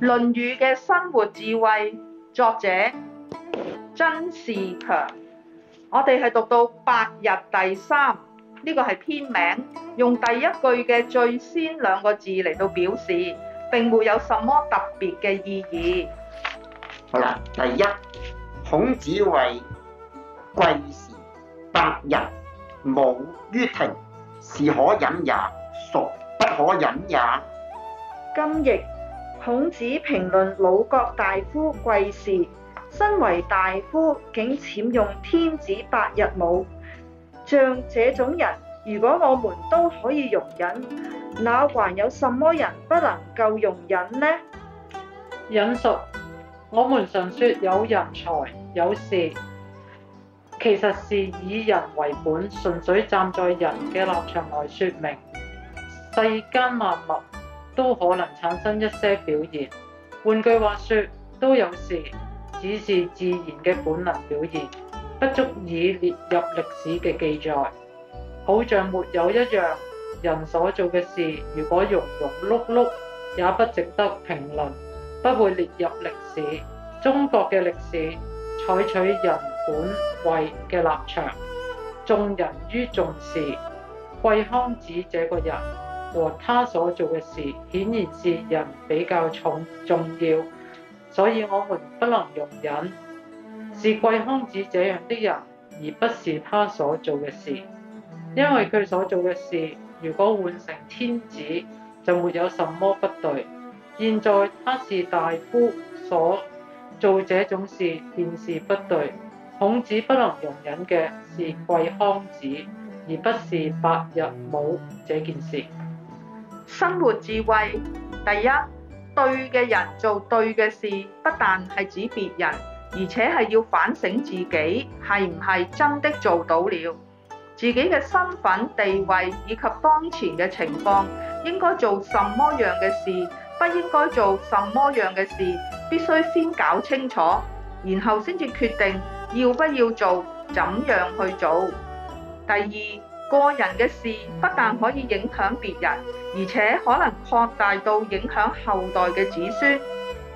《論語》嘅生活智慧，作者曾仕強。我哋係讀到八佾第三，呢、這個係篇名，用第一句嘅最先兩個字嚟到表示，並沒有什麼特別嘅意義。好啦，第一，孔子謂季氏：八佾，舞于庭，是可忍也，孰不可忍也？今亦孔子評論魯國大夫季氏，身為大夫竟僭用天子八佾舞。像這種人，如果我們都可以容忍，那還有什麼人不能夠容忍呢？引述：我們常說有人才有事，其實是以人為本，純粹站在人嘅立場來説明世間萬物。都可能產生一些表現。換句話說，都有時只是自然嘅本能表現，不足以列入歷史嘅記載。好像沒有一樣人所做嘅事，如果庸庸碌碌，也不值得評論，不會列入歷史。中國嘅歷史採取人本位嘅立場，重人於重事。季康子這個人。和他，他所做嘅事，顯然是人比較重重要，所以我們不能容忍是季康子這樣的人，而不是他所做嘅事。因為佢所做嘅事，如果換成天子，就沒有什麼不對，現在他是大夫所做這種事，便是不對，孔子不能容忍嘅是季康子，而不是八佾舞這件事。生活智慧第一，對嘅人做對嘅事，不但係指別人，而且係要反省自己係唔係真的做到了。自己嘅身份、地位以及當前嘅情況，應該做什麼樣嘅事，不應該做什麼樣嘅事，必須先搞清楚，然後先至決定要不要做，怎樣去做。第二，個人嘅事不但可以影響別人，而且可能擴大到影響後代嘅子孫。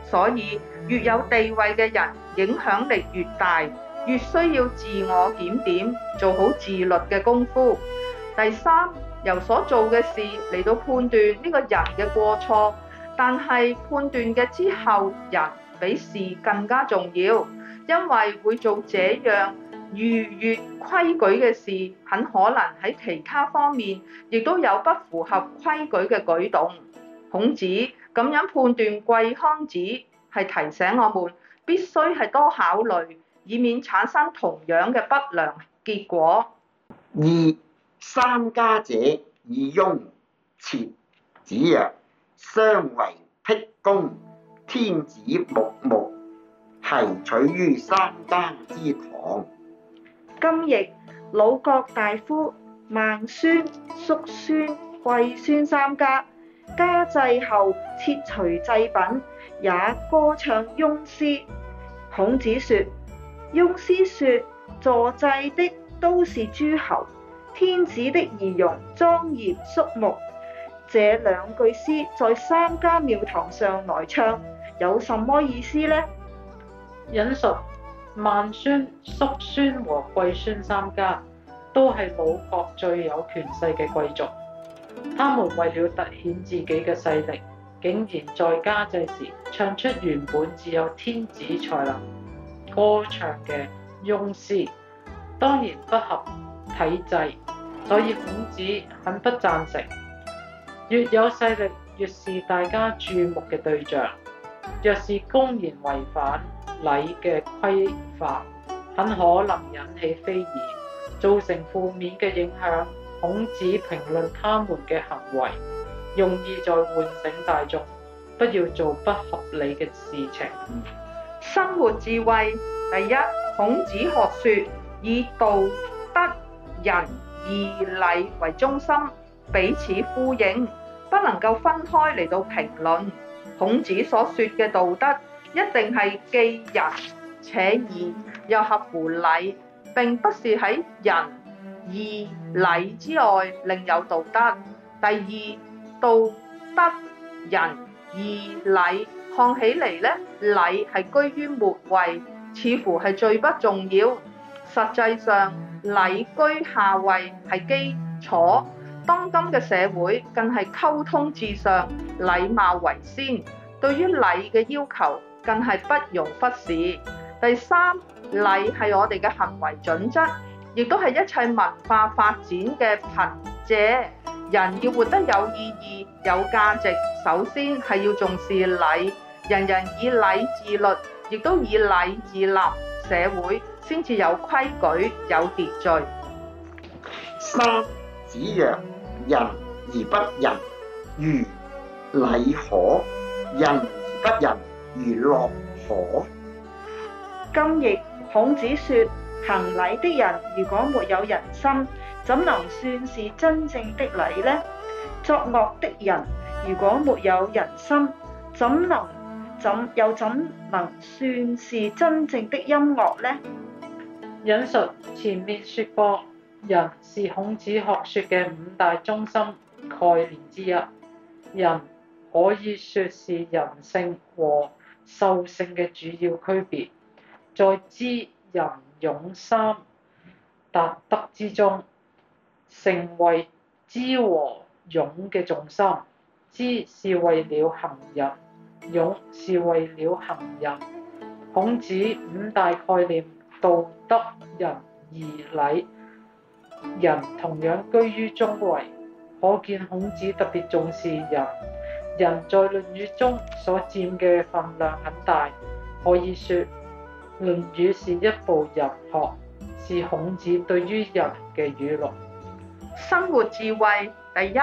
所以越有地位嘅人，影響力越大，越需要自我檢點，做好自律嘅功夫。第三，由所做嘅事嚟到判斷呢個人嘅過錯，但係判斷嘅之後，人比事更加重要，因為會做這樣。逾越規矩嘅事，很可能喺其他方面亦都有不符合規矩嘅舉動。孔子咁樣判斷季康子，係提醒我們必須係多考慮，以免產生同樣嘅不良結果。二三家者以雍徹，子曰：相為辟公，天子穆穆，奚取於三家之堂？今亦魯國大夫、孟孫、叔孫、季孫三家家祭後切除祭品，也歌唱雍詩。孔子說：說「雍詩說坐祭的都是諸侯，天子的儀容莊嚴肅穆。這兩句詩在三家廟堂上來唱，有什麼意思呢？引述。孟孫、叔孫和季孫三家都係魯國最有權勢嘅貴族，他們為了突顯自己嘅勢力，竟然在家祭時唱出原本只有天子才能歌唱嘅《雍詩》，當然不合體制，所以孔子很不贊成。越有勢力，越是大家注目嘅對象，若是公然違反禮嘅規範很可能引起非議，造成負面嘅影響。孔子評論他們嘅行為，用意在喚醒大眾，不要做不合理嘅事情。生活智慧第一，孔子學說以道德仁義禮為中心，彼此呼應，不能夠分開嚟到評論。孔子所說嘅道德。一定係既仁且義，又合乎禮。並不是喺仁義禮之外另有道德。第二，道德仁義禮看起嚟咧，禮係居於末位，似乎係最不重要。實際上，禮居下位係基礎。當今嘅社會更係溝通至上，禮貌為先。對於禮嘅要求，更係不容忽視。第三，禮係我哋嘅行為準則，亦都係一切文化發展嘅憑藉。人要活得有意義、有價值，首先係要重視禮。人人以禮自律，亦都以禮自立，社會先至有規矩、有秩序。三子曰：人而不仁，如禮何；人而不仁，如樂何。今譯孔子說，行禮的人如果沒有仁心，怎能算是真正的禮呢？作樂的人如果沒有仁心，怎能怎又怎能算是真正的音樂呢？引述前面說過，仁是孔子學說嘅五大中心概念之一，仁可以說是人性和獸性嘅主要區別，在知、仁、勇三達德之中，成為知和勇嘅重心，知是為了行仁，勇是為了行仁。孔子五大概念，道德仁義禮，仁同樣居於中位，可見孔子特別重視仁。人在《論語》中所佔嘅份量很大，可以說《論語》是一部人學，是孔子對於人嘅語錄。生活智慧第一，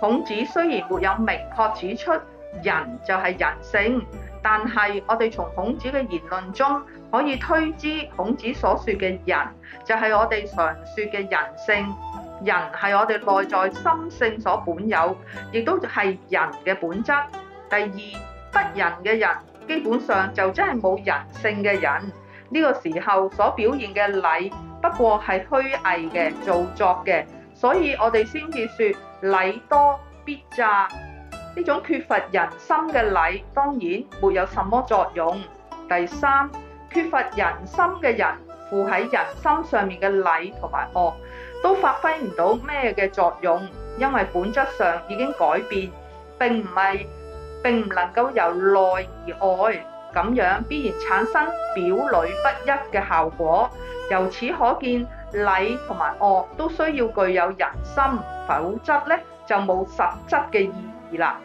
孔子雖然沒有明確指出人就係人性，但係我哋從孔子嘅言論中可以推知，孔子所說嘅人就係我哋常説嘅人性。人係我哋內在心性所本有，亦都係人嘅本質。第二，不仁嘅人，基本上就真係冇人性嘅人。呢個時候所表現嘅禮，不過係虛偽嘅、做作嘅，所以我哋先至說禮多必詐。呢種缺乏人心嘅禮，當然沒有什麼作用。第三，缺乏人心嘅人，附喺人心上面嘅禮同埋惡都發揮唔到咩嘅作用，因為本質上已經改變，並唔係並唔能夠由內而外咁樣，必然產生表裏不一嘅效果。由此可見，禮同埋樂都需要具有仁心，否則呢就冇實質嘅意義啦。